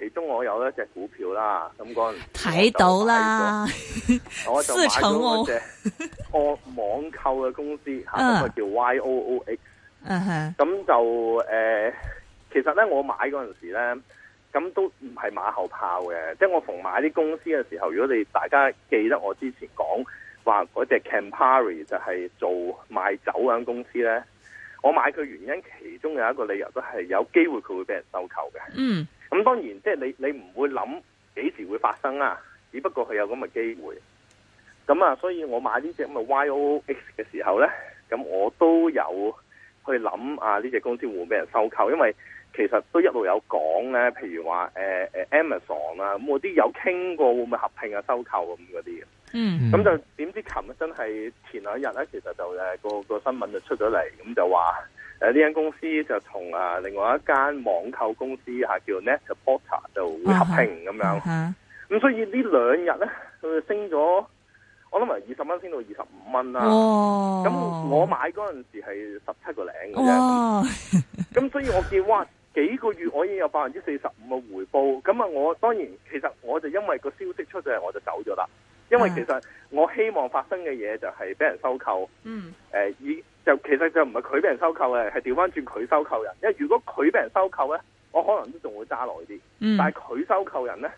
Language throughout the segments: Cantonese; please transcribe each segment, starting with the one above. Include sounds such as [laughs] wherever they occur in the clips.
其中我有一隻股票啦，咁陣睇到啦，我就買咗嗰隻個網購嘅公司，咁佢 [laughs] 叫 YOOX，咁 [laughs] 就誒、呃，其實咧我買嗰陣時咧，咁都唔係馬後炮嘅，即、就、係、是、我逢買啲公司嘅時候，如果你大家記得我之前講話嗰隻 Campari 就係做賣酒嗰間公司咧，我買佢原因其中有一個理由都係有機會佢會俾人收購嘅，嗯。咁當然，即、就、係、是、你你唔會諗幾時會發生啊！只不過佢有咁嘅機會。咁啊，所以我買呢隻咁嘅 Y O X 嘅時候呢，咁我都有去諗啊，呢隻公司會唔會畀人收購？因為其實都一路有講呢。譬如話、呃、Amazon 啊，咁、嗯、我啲有傾過會唔會合併啊、收購咁嗰啲嗯。咁就點知琴日真係前兩日呢、啊，其實就誒、嗰個、嗰個新聞就出咗嚟，咁就話。誒，呢間、啊、公司就同啊另外一間網購公司吓、啊、叫 Net-A-Porter 就，orta，就會合併咁樣，咁、啊、所以兩呢兩日咧佢升咗，我諗埋二十蚊升到二十五蚊啦。咁、哦、我買嗰陣時係十七個零咁樣，咁所以我見哇幾個月我已經有百分之四十五嘅回報，咁啊我當然，其實我就因為個消息出咗嚟，我就走咗啦。因為其實我希望發生嘅嘢就係俾人收購，誒以就其實就唔係佢俾人收購嘅，係調翻轉佢收購人。因為如果佢俾人收購咧，我可能都仲會揸耐啲，嗯、但係佢收購人咧，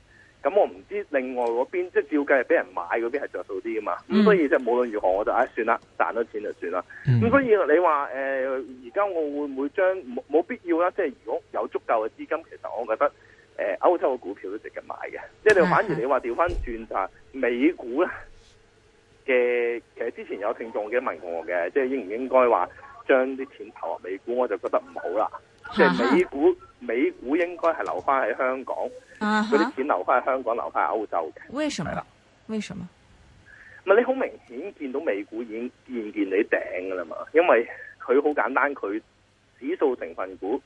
咁我唔知另外嗰邊即係照計係俾人買嗰邊係着數啲啊嘛。咁、嗯、所以即係無論如何，我就唉算啦，賺到錢就算啦。咁、嗯、所以你話誒而家我會唔會將冇冇必要啦？即係如果有足夠嘅資金，其實我覺得。誒，歐洲嘅股票都值得買嘅，即係你反而你話調翻轉就美股咧嘅，其實之前有聽眾嘅問我嘅，即係應唔應該話將啲錢投入美股，我就覺得唔好啦，即係美股美股應該係留翻喺香港，嗰啲錢留翻喺香港，留翻喺歐洲嘅。為什麼？為什麼？唔係你好明顯見到美股已經現見你頂噶啦嘛？因為佢好簡單，佢指數成分股。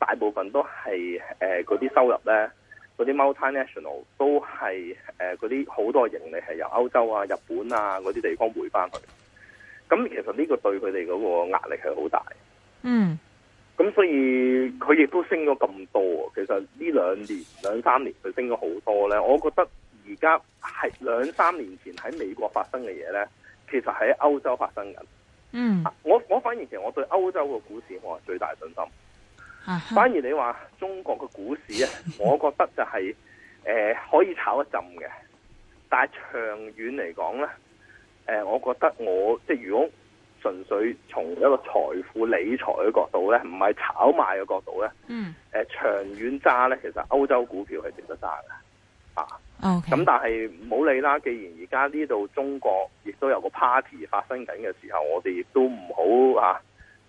大部分都係誒嗰啲收入咧，嗰啲 multinational 都係誒嗰啲好多盈利係由歐洲啊、日本啊嗰啲地方回翻去的。咁其實呢個對佢哋嗰個壓力係好大。嗯，咁所以佢亦都升咗咁多。其實呢兩年兩三年佢升咗好多咧。我覺得而家係兩三年前喺美國發生嘅嘢咧，其實喺歐洲發生緊。嗯、mm.，我我反而其實我對歐洲嘅股市我係最大信心。 [laughs] 反而你話中國嘅股市咧，我覺得就係、是、誒、呃、可以炒一浸嘅，但係長遠嚟講咧，誒、呃、我覺得我即係如果純粹從一個財富理財嘅角度咧，唔係炒賣嘅角度咧，嗯、 [laughs] 呃，誒長遠揸咧，其實歐洲股票係值得揸嘅，啊，咁 Okay. 但係唔好理啦，既然而家呢度中國亦都有個 party 發生緊嘅時候，我哋亦都唔好啊。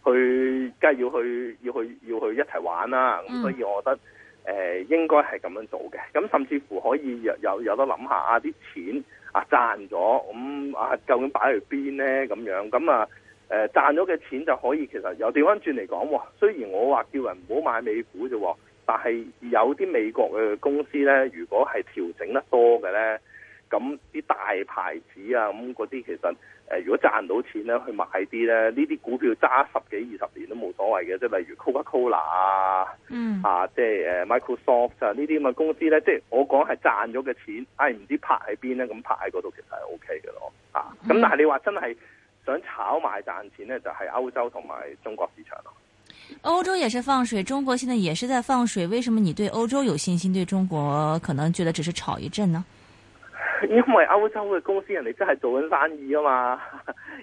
去梗係要去，要去，要去，要去一齊玩啦！咁、嗯、所以我覺得，誒、呃，應該係咁樣做嘅。咁甚至乎可以有有，有得諗下啲錢賺、嗯、啊賺咗，咁啊究竟擺去邊咧？咁樣咁啊，誒賺咗嘅錢就可以，其實有調翻轉嚟講，雖然我話叫人唔好買美股啫，但係有啲美國嘅公司咧，如果係調整得多嘅咧，咁啲大牌子啊，咁嗰啲其實。誒，如果賺到錢咧，去買啲咧，呢啲股票揸十幾二十年都冇所謂嘅、嗯啊，即係例如 Coca Cola 啊，嗯、哎 OK，啊，即係 Microsoft 啊呢啲咁嘅公司咧，即係我講係賺咗嘅錢，唉唔知拍喺邊咧，咁拍喺嗰度其實係 OK 嘅咯，啊，咁但係你話真係想炒賣賺錢咧，就係、是、歐洲同埋中國市場咯。歐洲也是放水，中國現在也是在放水，為什麼你對歐洲有信心，對中國可能覺得只是炒一陣呢？因為歐洲嘅公司，人哋真係做緊生意啊嘛，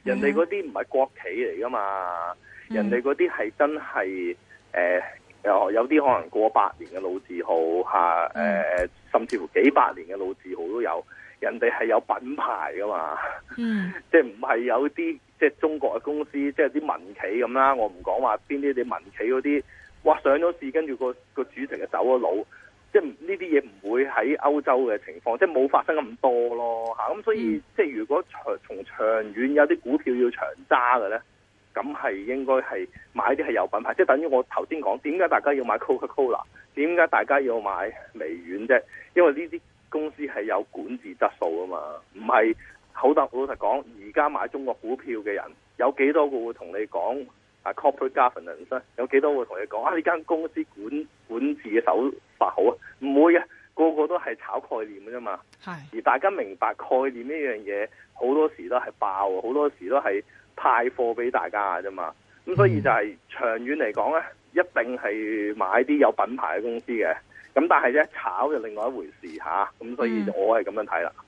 人哋嗰啲唔係國企嚟噶嘛，mm. 人哋嗰啲係真係誒、呃，有有啲可能過百年嘅老字號吓，誒、呃、甚至乎幾百年嘅老字號都有，人哋係有品牌噶嘛，mm. 即係唔係有啲即係中國嘅公司，即係啲民企咁啦。我唔講話邊啲啲民企嗰啲，哇上咗市跟住個個主席就走咗佬。即係呢啲嘢唔會喺歐洲嘅情況，即係冇發生咁多咯嚇。咁、啊、所以即係如果長從長遠有啲股票要長揸嘅咧，咁係應該係買啲係有品牌，即係等於我頭先講點解大家要買 Coca-Cola，點解大家要買微軟啫？因為呢啲公司係有管治質素啊嘛，唔係好大，老實講，而家買中國股票嘅人有幾多個會同你講啊 Corporate Governance 咧？有幾多會同你講啊？呢間公司管管治嘅手。爆好啊，唔會嘅，個個都係炒概念嘅啫嘛。係是。而大家明白概念呢樣嘢，好多時都係爆，好多時都係派貨俾大家嘅啫嘛。咁所以就係長遠嚟講咧，一定係買啲有品牌嘅公司嘅。咁但係咧，炒就另外一回事嚇。咁、啊、所以我係咁樣睇啦。嗯。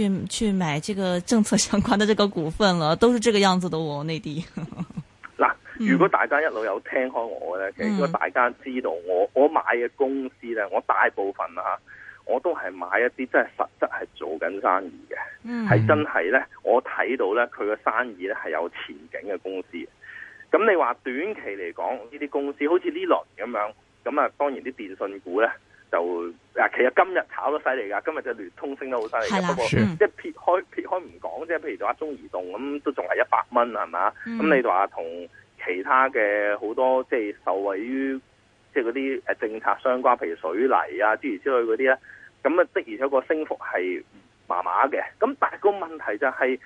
去去買這個政策相關的這個股份了，都是這個樣子的哦。內地嗱， [laughs] 如果大家一路有聽開我咧，嗯、其實如果大家知道我我買嘅公司咧，我大部分啊，我都係買一啲真係實質係做緊生意嘅，係、嗯、真係咧，我睇到咧佢嘅生意咧係有前景嘅公司。咁你話短期嚟講呢啲公司，好似呢輪咁樣，咁啊，當然啲電信股咧。就嗱，其實今日炒得犀利噶，今日就聯通升得好犀利嘅，的不過、嗯、即係撇開撇開唔講，即係譬如話中移動咁，都仲係一百蚊，係咪啊？咁你話同其他嘅好多即係受惠於即係嗰啲誒政策相關，譬如水泥啊之類之類嗰啲咧，咁啊的而且確個升幅係麻麻嘅。咁但係個問題就係、是、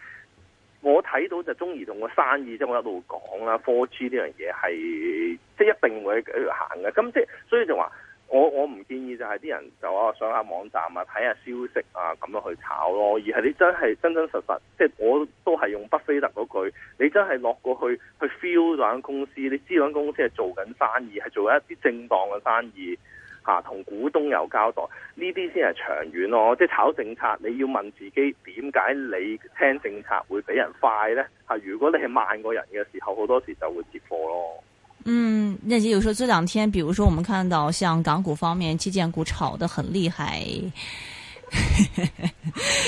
我睇到就中移動個生意即係我一度講啦，科技呢樣嘢係即係一定會喺度行嘅。咁即係所以就話。我我唔建議就係啲人就話上下網站啊，睇下消息啊，咁樣去炒咯。而係你真係真真實實，即係我都係用巴菲特嗰句，你真係落過去去，去 feel 嗰間公司，你知嗰間公司係做緊生意，係做一啲正當嘅生意，嚇、啊、同股東有交代，呢啲先係長遠咯。即係炒政策，你要問自己點解你聽政策會比人快呢？嚇、啊，如果你係慢過人嘅時候，好多時就會接貨咯。嗯，那即有時候這兩天，比如說我們看到像港股方面基建股炒得很厲害。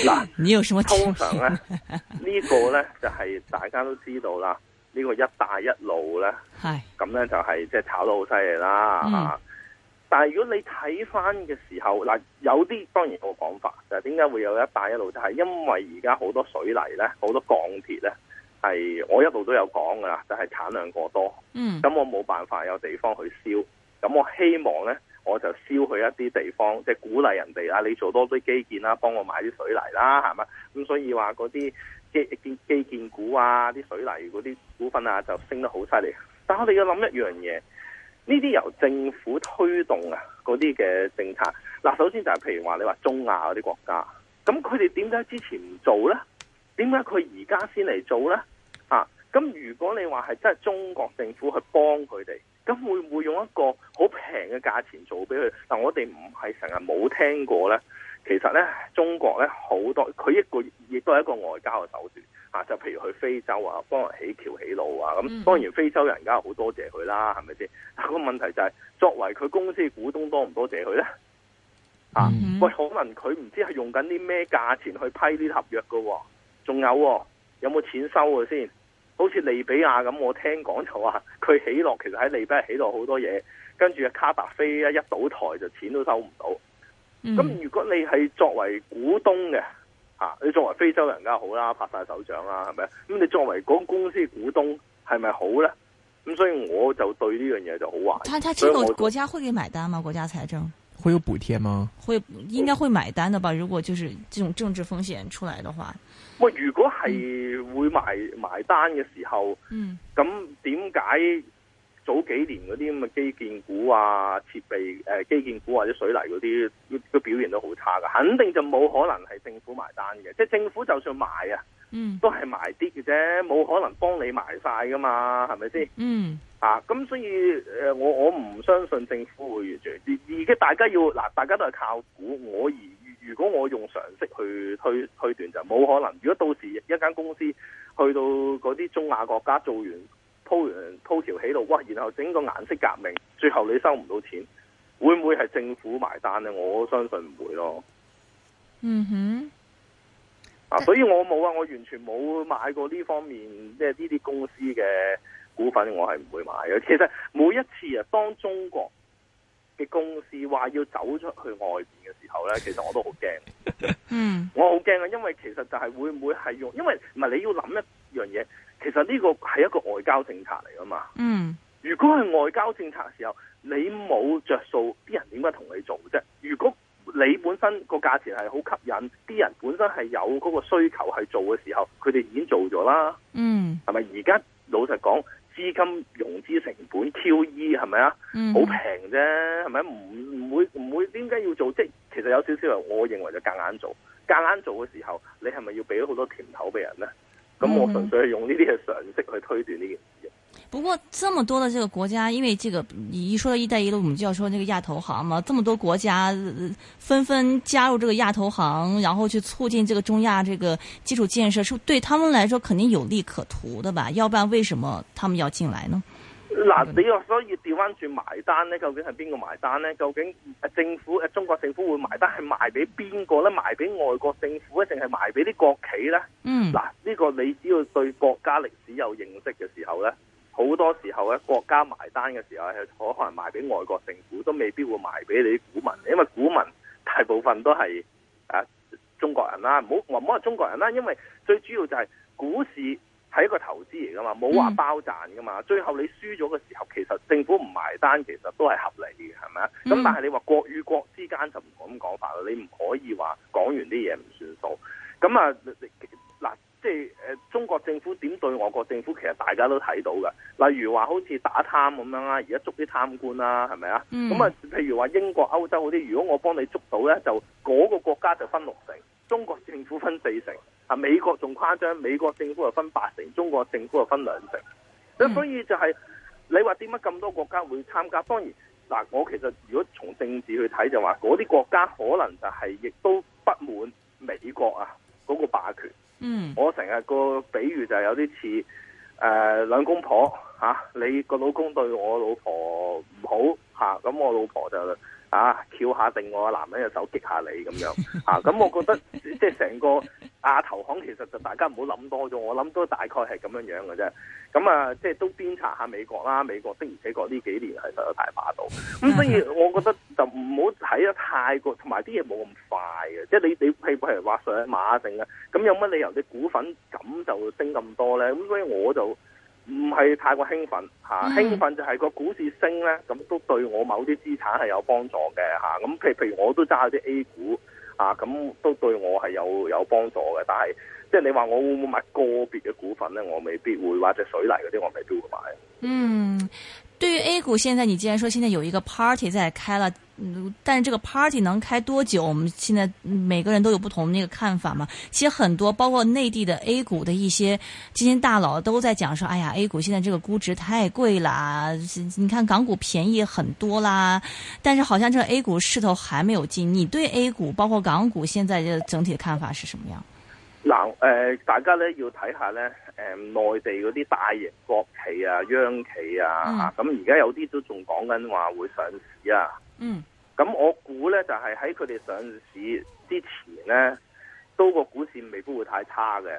嗱啦， [laughs] 你有什麼情況通常咧？ [laughs] 這個呢個咧就係、是、大家都知道啦。呢、這個一帶一路咧，咁咧唉就係即係炒得好犀利啦。但係如果你睇翻嘅時候，嗱，有啲當然我講法就係點解會有一帶一路，就係、是、因為而家好多水泥咧，好多鋼鐵咧。係我一路都有講噶啦，就係產量過多，咁我冇辦法有地方去燒，咁我希望呢，我就燒去一啲地方，即係鼓勵人哋啦，你做多啲基建啦，幫我買啲水泥啦，係咪？咁所以話嗰啲基建基建股啊，啲水泥嗰啲股份啊，就升得好犀利。但我哋要諗一樣嘢，呢啲由政府推動啊，嗰啲嘅政策，嗱，首先就係譬如話你話中亞嗰啲國家，咁佢哋點解之前唔做呢？點解佢而家先嚟做呢？啊，咁如果你話係真係中國政府去幫佢哋，咁會唔會用一個好平嘅價錢做俾佢？但、啊、我哋唔係成日冇聽過呢。其實呢，中國呢，好多，佢一個亦都係一個外交嘅手段啊。就譬如去非洲啊，幫人起橋起路啊，咁當然非洲人家好多謝佢啦，係咪先？但係個問題就係、是，作為佢公司股東多唔多謝佢呢？啊，嗯、哼喂，可能佢唔知係用緊啲咩價錢去批呢啲合約㗎喎。仲有、哦、有冇錢收嘅先？好似利比亞咁，我聽講就話佢起落其實喺利比亞起落好多嘢，跟住啊卡達菲一一倒台就錢都收唔到。咁、嗯、如果你係作為股東嘅，吓、啊、你作為非洲人更好啦，拍晒手掌啦，係咪？咁你作為嗰公司股東係咪好呢？咁所以我就對呢樣嘢就好懷疑。他他這個國家會給買單嗎？國家財政會有補貼嗎？會應該會買單的吧？如果就是這種政治風險出來的話。喂，如果係會埋埋單嘅時候，咁點解早幾年嗰啲咁嘅基建股啊、設備誒、呃、基建股或者水泥嗰啲，都表現都好差噶？肯定就冇可能係政府埋單嘅，即係政府就算埋啊，都係埋啲嘅啫，冇可能幫你埋晒噶嘛，係咪先？嗯，啊，咁所以誒、呃，我我唔相信政府會越做。而而家大家要嗱，大家都係靠股，我而。如果我用常識去去推斷就冇可能。如果到時一間公司去到嗰啲中亞國家做完鋪完鋪橋起路，哇！然後整個顏色革命，最後你收唔到錢，會唔會係政府埋單呢？我相信唔會咯。嗯哼。所以我冇啊，我完全冇買過呢方面即係呢啲公司嘅股份，我係唔會買嘅。其實每一次啊，當中國。嘅公司話要走出去外面嘅時候咧，其實我都好驚， [laughs] 嗯，我好驚啊，因為其實就係會唔會係用，因為唔係你要諗一樣嘢，其實呢個係一個外交政策嚟噶嘛。嗯，如果係外交政策嘅時候，你冇着數，啲人點解同你做啫？如果你本身個價錢係好吸引，啲人本身係有嗰個需求去做嘅時候，佢哋已經做咗啦。嗯，是是，係咪而家老實講。資金融資成本 QE 係咪啊？好平啫，係咪唔唔會唔會點解要做？即係其實有少少，我認為就夾硬做。夾硬做嘅時候，你係咪要俾好多甜頭俾人咧？咁我純粹係用呢啲嘅常識去推斷呢件。不過這麼多的這個國家，因為這個一說到一帶一路，我們就要說那個亞投行嘛。這麼多國家、呃、紛紛加入這個亞投行，然後去促進這個中亞這個基礎建設，是對他們來說肯定有利可圖的吧？要不然為什麼他們要進來呢？嗱、嗯，你要所以調翻轉埋單呢？究竟係邊個埋單呢？究竟政府誒，中國政府會埋單係埋俾邊個咧？埋俾外國政府啊，定係埋俾啲國企咧？嗯，嗱，呢個你只要對國家歷史有認識嘅時候呢好多時候咧，國家埋單嘅時候，係可可能賣俾外國政府，都未必會賣俾你啲股民，因為股民大部分都係啊、呃、中國人啦，唔好話唔好話中國人啦，因為最主要就係股市係一個投資嚟噶嘛，冇話包賺噶嘛，mm. 最後你輸咗嘅時候，其實政府唔埋單，其實都係合理嘅，係咪啊？咁、mm. 但係你話國與國之間就唔咁講法啦，你唔可以話講完啲嘢唔算數，咁啊嗱。.即係誒，中國政府點對外國政府，其實大家都睇到嘅。例如話好似打貪咁樣啦，而家捉啲貪官啦，係咪啊？咁啊、mm.，譬如話英國、歐洲嗰啲，如果我幫你捉到咧，就嗰、那個國家就分六成，中國政府分四成。啊，美國仲誇張，美國政府又分八成，中國政府又分兩成。Mm. 所以就係、是、你話點解咁多國家會參加？當然，嗱，我其實如果從政治去睇，就話嗰啲國家可能就係、是、亦都不滿美國啊。嗯，mm. 我成日個比喻就有啲似誒兩公婆吓，你個老公對我老婆唔好吓，咁、啊、我老婆就啊翹下定我男人嘅手，激下你咁樣吓，咁、啊、我覺得 [laughs] 即係成個。亞投行其實就大家唔好諗多咗，我諗都大概係咁樣樣嘅啫。咁啊，即係都鞭策下美國啦，美國的而且確呢幾年係實在太霸道。咁、mm hmm. 所以，我覺得就唔好睇得太過，同埋啲嘢冇咁快嘅。即係你你譬如係話上馬定啦，咁有乜理由你股份咁就升咁多咧？咁所以我就唔係太過興奮嚇。啊 mm hmm. 興奮就係個股市升咧，咁都對我某啲資產係有幫助嘅嚇。咁、啊、譬如譬如我都揸啲 A 股。啊，咁都對我係有有幫助嘅，但係即係你話我會唔會買個別嘅股份咧？我未必會，或者水泥嗰啲我未必會買。嗯，對於 A 股，現在你既然說現在有一個 party 在開了。嗯，但是這個 party 能開多久？我們現在每個人都有不同的那個看法嘛。其實很多包括內地的 A 股的一些基金大佬都在講說，哎呀，A 股現在這個估值太貴啦，你看港股便宜很多啦。但是好像這個 A 股勢頭還沒有進。你對 A 股包括港股現在整體的看法是什麼樣？嗱，呃，大家呢要睇下呢，誒、呃，內地嗰啲大型國企啊、央企啊，咁而家有啲都仲講緊話會上市啊。嗯，咁我估咧就係喺佢哋上市之前咧，都個股市未必會太差嘅，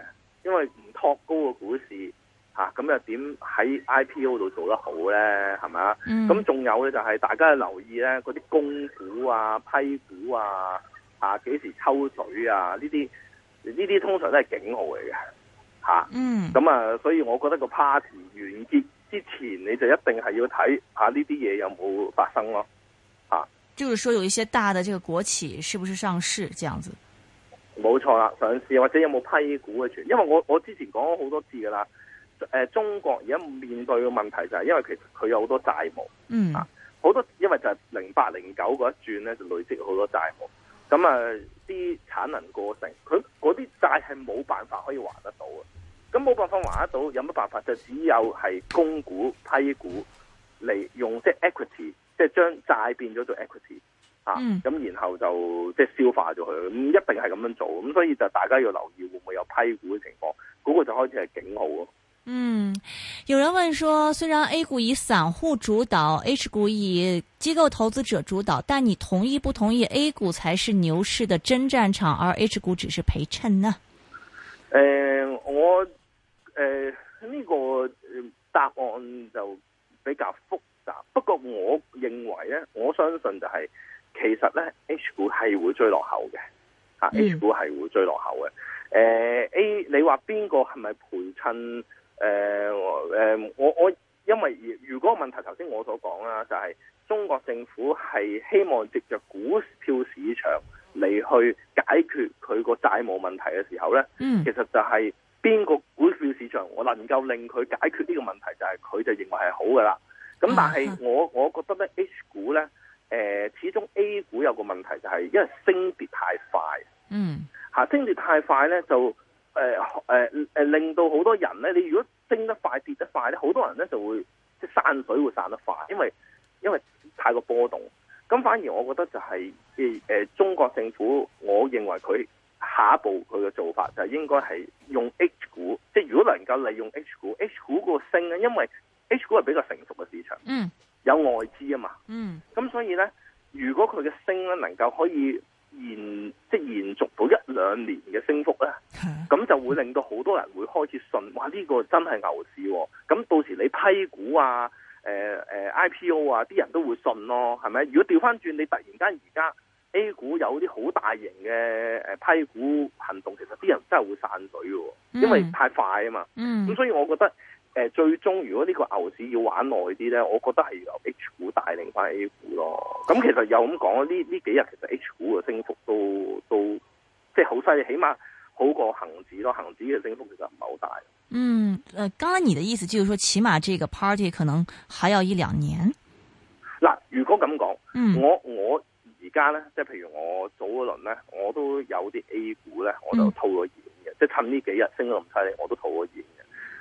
因為唔托高個股市，吓、啊、咁又點喺 IPO 度做得好咧？係咪啊？咁仲、嗯、有咧就係大家要留意咧，嗰啲供股啊、批股啊，啊幾時抽水啊？呢啲呢啲通常都係警號嚟嘅，吓、啊，嗯，咁啊，所以我覺得個 party 完結之前，你就一定係要睇下呢啲嘢有冇發生咯。就是說，有一些大的這個國企，是不是上市這樣子？冇錯啦，上市或者有冇批股嘅存？因為我我之前講咗好多次噶啦，誒、呃，中國而家面對嘅問題就係，因為其實佢有好多債務，嗯啊，好多因為就係零八零九嗰一轉咧，就累積好多債務，咁啊啲產能過剩，佢嗰啲債係冇辦法可以還得到嘅，咁冇辦法還得到，有乜辦法？就只有係供股批股嚟用即係 equity。即係將債變咗做 equity、嗯、啊，咁然後就即係消化咗佢，咁一定係咁樣做，咁所以就大家要留意會唔會有批股嘅情況，嗰、嗰個就開始係警號咯。嗯，有人問說，雖然 A 股以散戶主導，H 股以機構投資者主導，但你同意不同意 A 股才是牛市嘅真戰場，而 H 股只是陪襯呢？誒、呃，我誒呢、呃呢個答案就比較複雜。不過我認為咧，我相信就係、是、其實咧，H 股係會追落後嘅，吓、mm.，H 股係會追落後嘅。誒、呃、，A，你話邊個係咪陪襯？誒、呃、誒，我我因為如果問題頭先我所講啦，就係、是、中國政府係希望藉着股票市場嚟去解決佢個債務問題嘅時候咧，mm. 其實就係邊個股票市場我能夠令佢解決呢個問題，就係、是、佢就認為係好㗎喇。咁但係我我覺得咧，H 股咧，誒，始終 A 股有個問題就係，因為升跌太快，嗯，吓升跌太快咧就，誒，誒，誒，令到好多人咧，你如果升得快跌得快咧，好多人咧就會即係散水會散得快，因為因為太過波動。咁反而我覺得就係，誒，中國政府我認為佢下一步佢嘅做法就係應該係用 H 股，即係如果能夠利用 H 股，H 股個升咧，因為。H 股係比較成熟嘅市場，嗯，有外資啊嘛，嗯，咁所以呢，如果佢嘅升咧能夠可以延，即係延續到一兩年嘅升幅呢，咁，嗯，就會令到好多人會開始信，哇呢個真係牛市喎，咁到時你批股啊，誒誒 IPO 啊，啲人都會信咯，係咪？如果調翻轉，你突然間而家 A 股有啲好大型嘅誒批股行動，其實啲人真係會散水喎，嗯，因為太快啊嘛，嗯，咁所以我覺得。誒，最終如果呢個牛市要玩耐啲咧，我覺得係由 H 股帶領翻 A 股咯。咁其實又咁講，呢呢幾日其實 H 股嘅升幅都都即係好犀利，起碼好過恒指咯。恒指嘅升幅其實唔係好大。嗯，誒、呃，剛才你的意思就是說，起碼這個 party 可能還要一兩年。嗱，如果咁講、嗯，我我而家咧，即係譬如我早嗰輪咧，我都有啲 A 股咧，我就套咗現嘅，嗯、即係趁呢幾日升得咁犀利，我都套咗現。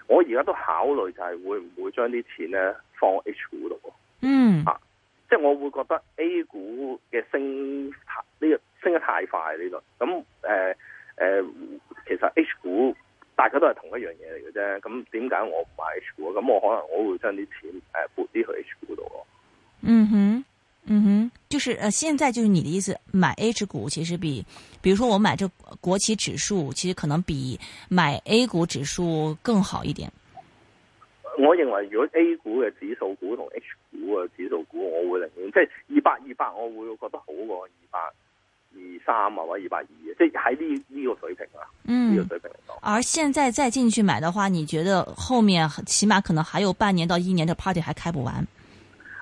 我而家都考慮就係會唔會將啲錢咧，放喺 H 股度？嗯，mm. 啊，即係我會覺得 A 股嘅升太，呢個升得太快呢度。咁誒誒，其實 H 股大家都係同一樣嘢嚟嘅啫。咁點解我唔買 H 股？咁我可能我會將啲錢誒撥啲去 H 股度咯。嗯哼、mm。Hmm. 嗯哼，就是呃，現在就是你的意思，買 H 股其實比，比如說我買這國企指數，其實可能比買 A 股指數更好一點。我認為如果 A 股嘅指數股同 H 股嘅指數股，我會寧願即係二百二百，我會覺得好過二百二三啊，或者二百二，即係喺呢呢個水平啊，嗯，呢個水平。而現在再進去買的話，你覺得後面起碼可能還有半年到一年的 party 還開不完。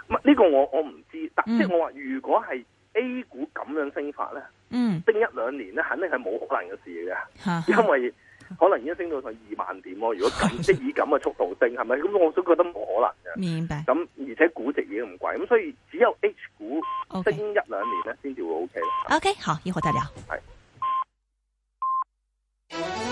唔，呢個我我唔知道，但、嗯、即係我話如果係 A 股咁樣升法咧，嗯、升一兩年咧，肯定係冇可能嘅事嘅，哈哈，因為可能已經升到上二萬點咯。如果咁即 [laughs] 以咁嘅速度升，係咪咁我都覺得冇可能嘅。明白。咁而且估值已經唔貴，咁所以只有 H 股升一兩年咧，先至 Okay. 會 OK。O、okay, K，好，一會再聊。係。